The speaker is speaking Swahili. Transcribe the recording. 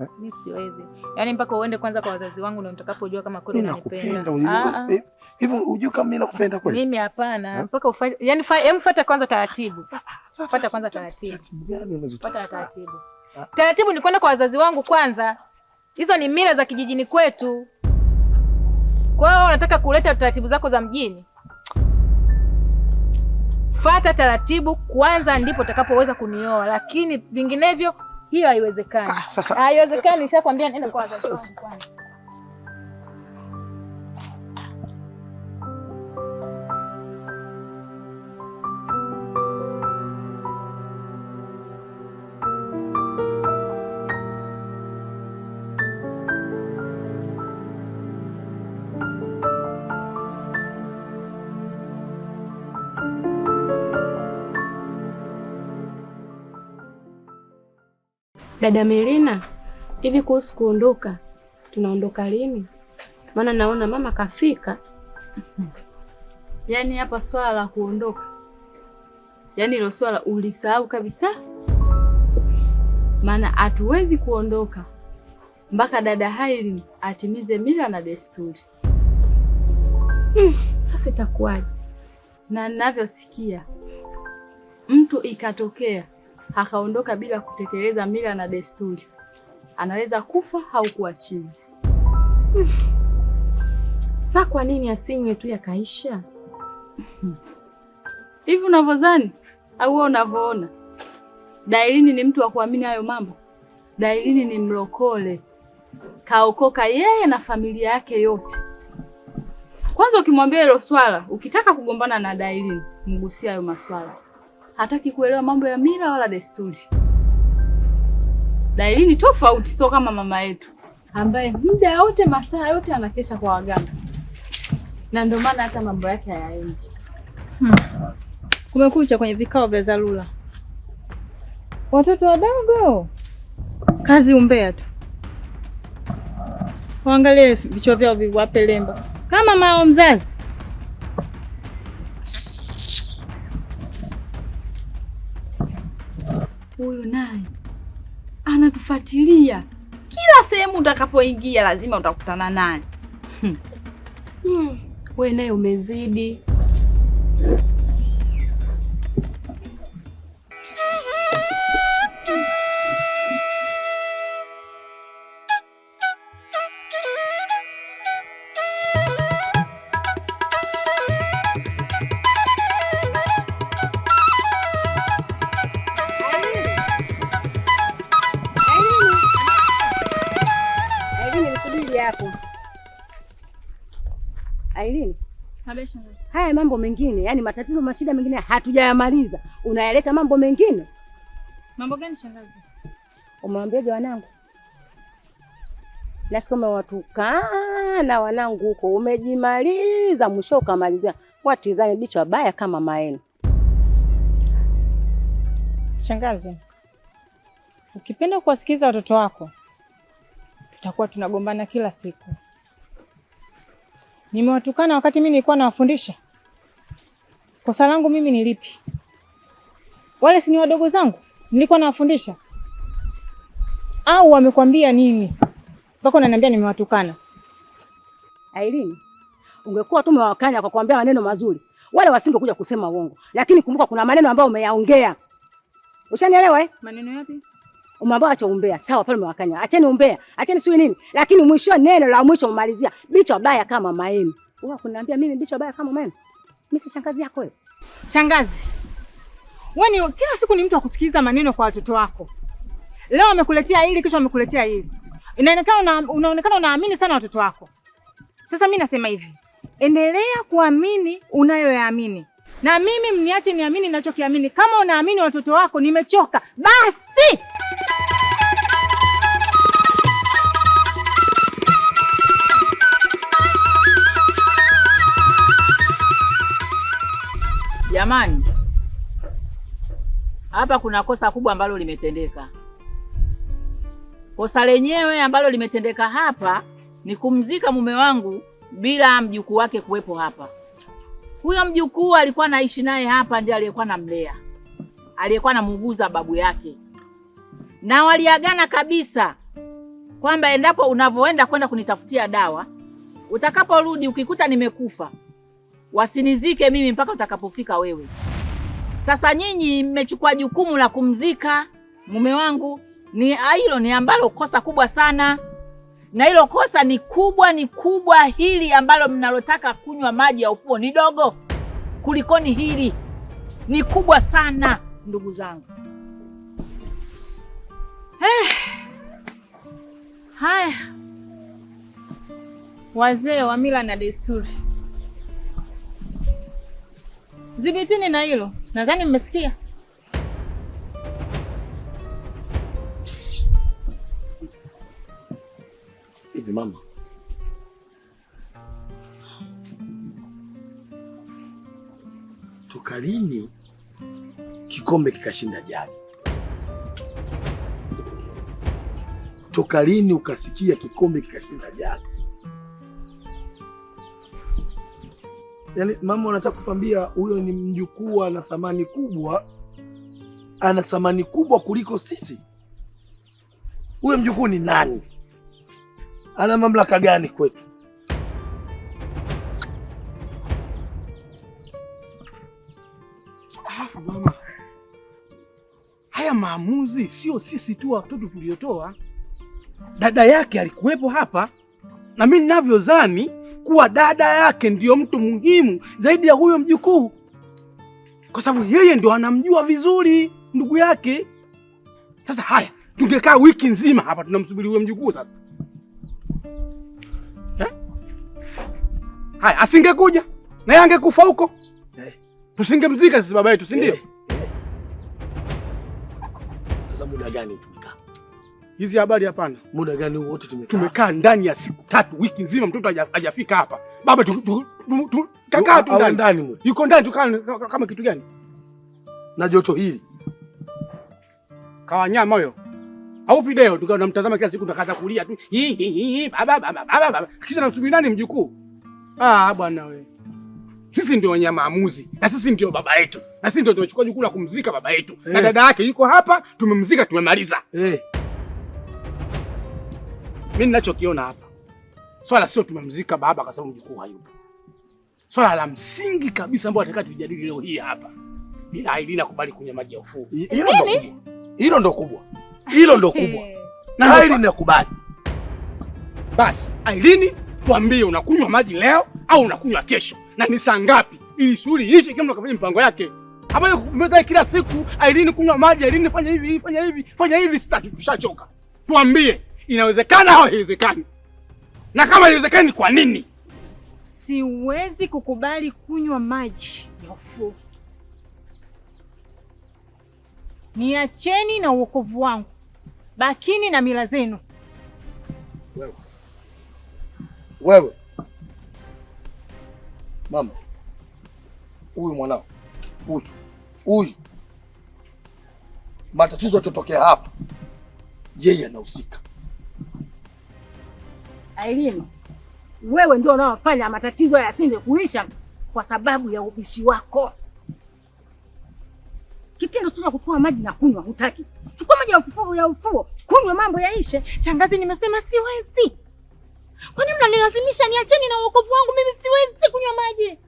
Eh? Mimi siwezi. Yaani mpaka uende kwanza kwa wazazi wangu ndio nitakapojua kama kweli unanipenda. Ah, ah. Eh, hivi unajua kama mimi nakupenda kweli? Mimi hapana. Eh? Mpaka Yaani fuata kwanza taratibu. Ah, fuata kwanza taratibu. Fuata taratibu. Taratibu ni kwenda kwa wazazi wangu kwanza. Hizo ni mila za kijijini kwetu. Kwa hiyo unataka kuleta taratibu zako za mjini? Fata taratibu kwanza ndipo utakapoweza kunioa, lakini vinginevyo hiyo haiwezekani. Ah, haiwezekani, nishakwambia nenda kwa wazazi wangu kwanza. Dada Melina, hivi kuhusu kuondoka, tunaondoka lini? Maana naona mama kafika. Yaani hapa swala la kuondoka, yaani hilo swala ulisahau kabisa, maana hatuwezi kuondoka mpaka dada hailin atimize mila na desturi. Sasa hmm, itakuwaje? Na ninavyosikia mtu ikatokea akaondoka bila kutekeleza mila na desturi, anaweza kufa au kuachizi. Hmm. Saa kwa nini asinywe tu yakaisha hmm. hivi? Unavyozani au unavyoona Dailini ni mtu wa kuamini hayo mambo? Dailini ni mlokole, kaokoka yeye na familia yake yote. Kwanza ukimwambia hilo swala, ukitaka kugombana na Dailini, mgusia hayo maswala hataki kuelewa mambo ya mila wala desturi. Dalili ni tofauti, sio kama mama yetu ambaye muda wote masaa yote anakesha kwa waganga, na ndio maana hata mambo yake hayaendi. Hmm. Kumekucha kwenye vikao vya Zalula, watoto wadogo kazi umbea tu, waangalie vichwa vyao viwape lemba kama mao mzazi huyu naye anatufuatilia kila sehemu utakapoingia, lazima utakutana naye. Hmm. Hmm. naye umezidi. Aileen, haya mambo mengine, yaani matatizo mashida mengine hatujayamaliza, unayaleta mambo mengine. Mambo gani shangazi? Umewambiaje wanangu? Nasi kama watukana wanangu huko, umejimaliza mwisho ukamalizia watizani bicho baya kama maeni. Shangazi, ukipenda kuwasikiza watoto wako tutakuwa tunagombana kila siku. Nimewatukana wakati mimi nilikuwa nawafundisha? Kosa langu mimi ni lipi? Wale si ni wadogo zangu nilikuwa nawafundisha? Au wamekwambia nini mpaka unaniambia nimewatukana? ailini ungekuwa tu umewakanya kwa kuambia maneno mazuri, wale wasingekuja kusema uongo. Lakini kumbuka kuna maneno ambayo umeyaongea. Ushanielewa eh? Maneno yapi? Umambao acha umbea. Sawa pale mwakanya. Acheni umbea. Acheni sio nini? Lakini mwisho neno la mwisho umalizia. Bicho baya kama maeni. Wewe kuniambia mimi bicho baya kama maeni? Mimi si shangazi yako wewe. Shangazi. Wewe kila siku ni mtu wa kusikiliza maneno kwa watoto wako. Leo amekuletea hili kisha amekuletea hili. Inaonekana una, unaonekana unaamini sana watoto wako. Sasa mimi nasema hivi. Endelea kuamini unayoyaamini. Na mimi mniache niamini ninachokiamini. Kama unaamini watoto wako nimechoka. Basi hapa kuna kosa kubwa ambalo limetendeka. Kosa lenyewe ambalo limetendeka hapa ni kumzika mume wangu bila mjukuu wake kuwepo hapa. Huyo mjukuu alikuwa naishi naye hapa, ndiye aliyekuwa namlea, aliyekuwa namuguza babu yake, na waliagana kabisa kwamba endapo unavyoenda kwenda kunitafutia dawa, utakaporudi ukikuta nimekufa, wasinizike mimi mpaka utakapofika wewe. Sasa nyinyi mmechukua jukumu la kumzika mume wangu, ni ah, hilo ni ambalo kosa kubwa sana, na hilo kosa ni kubwa, ni kubwa. Hili ambalo mnalotaka kunywa maji ya ufuo ni dogo kulikoni hili, ni kubwa sana ndugu zangu. Eh, haya wazee wa mila na desturi, zibitini na hilo. Nadhani mmesikia. Hivi mama, toka lini kikombe kikashinda jagi? Toka lini ukasikia kikombe kikashinda jagi? yani mama, unataka kutwambia huyo ni mjukuu, ana thamani kubwa, ana thamani kubwa kuliko sisi? Huyo mjukuu ni nani? Ana mamlaka gani kwetu? Alafu mama, haya maamuzi sio sisi tu watoto tuliotoa. Dada yake alikuwepo hapa, na mimi ninavyozani kuwa dada yake ndiyo mtu muhimu zaidi ya huyo mjukuu, kwa sababu yeye ndio anamjua vizuri ndugu yake. Sasa haya, tungekaa wiki nzima hapa tunamsubiri huyo mjukuu sasa eh? Haya, asingekuja yeye angekufa huko eh. Tusingemzika sisi baba yetu, si ndio? Eh. Eh. Sasa muda gani tu Hizi habari hapana. Muda gani wote tumekaa? Tumekaa ndani ya siku tatu, wiki nzima mtoto hajafika hapa. Baba tu, kakaa tu ndani. Ndani Yuko ndani tukaa kama kitu gani? Na joto hili. Kawa nyama huyo. Au video tukao namtazama kila siku takaza kulia tu. Hi hi hi baba baba baba. baba. Kisha namsubiri nani mjukuu? Ah bwana wewe. Sisi ndio wenye maamuzi na sisi ndio baba yetu. Na sisi ndio tumechukua jukumu la kumzika baba yetu. Hey. Na eh. dada yake yuko hapa, tumemzika tumemaliza. Eh. Hey. Mimi ninachokiona hapa, swala sio tumemzika baba kwa sababu mjukuu hayupo. Swala la msingi kabisa ambao nataka tujadili leo hii hapa, bila Ailina kubali kunywa maji ya ufuo. Hilo ndo kubwa, hilo ndo kubwa, hilo ndo kubwa na Ailini nakubali. Basi Ailini, tuambie unakunywa maji leo au unakunywa kesho, na ni saa ngapi, ili shughuli ishe kama kafanya mpango yake ambayo kila siku Ailini kunywa maji, Ailini fanya hivi, fanya hivi, fanya hivi. Sasa tushachoka, tuambie Inawezekana au haiwezekani? Na kama haiwezekani, kwa nini? Siwezi kukubali kunywa maji ya ni Niacheni na uokovu wangu, bakini na mila zenu. Wewe wewe, mama huyu mwanao huyu huyu, matatizo yatotokea hapa, yeye anahusika. Ailima, wewe ndio unaofanya matatizo yasinde kuisha kwa sababu ya ubishi wako. Kitendo tu cha kutoa maji na kunywa hutaki. Chukua maji ya ufuo ya ufuo, kunywa mambo yaishe. Shangazi, nimesema siwezi. nini mnanilazimisha niacheni na wokovu wangu? Mimi siwezi kunywa maji.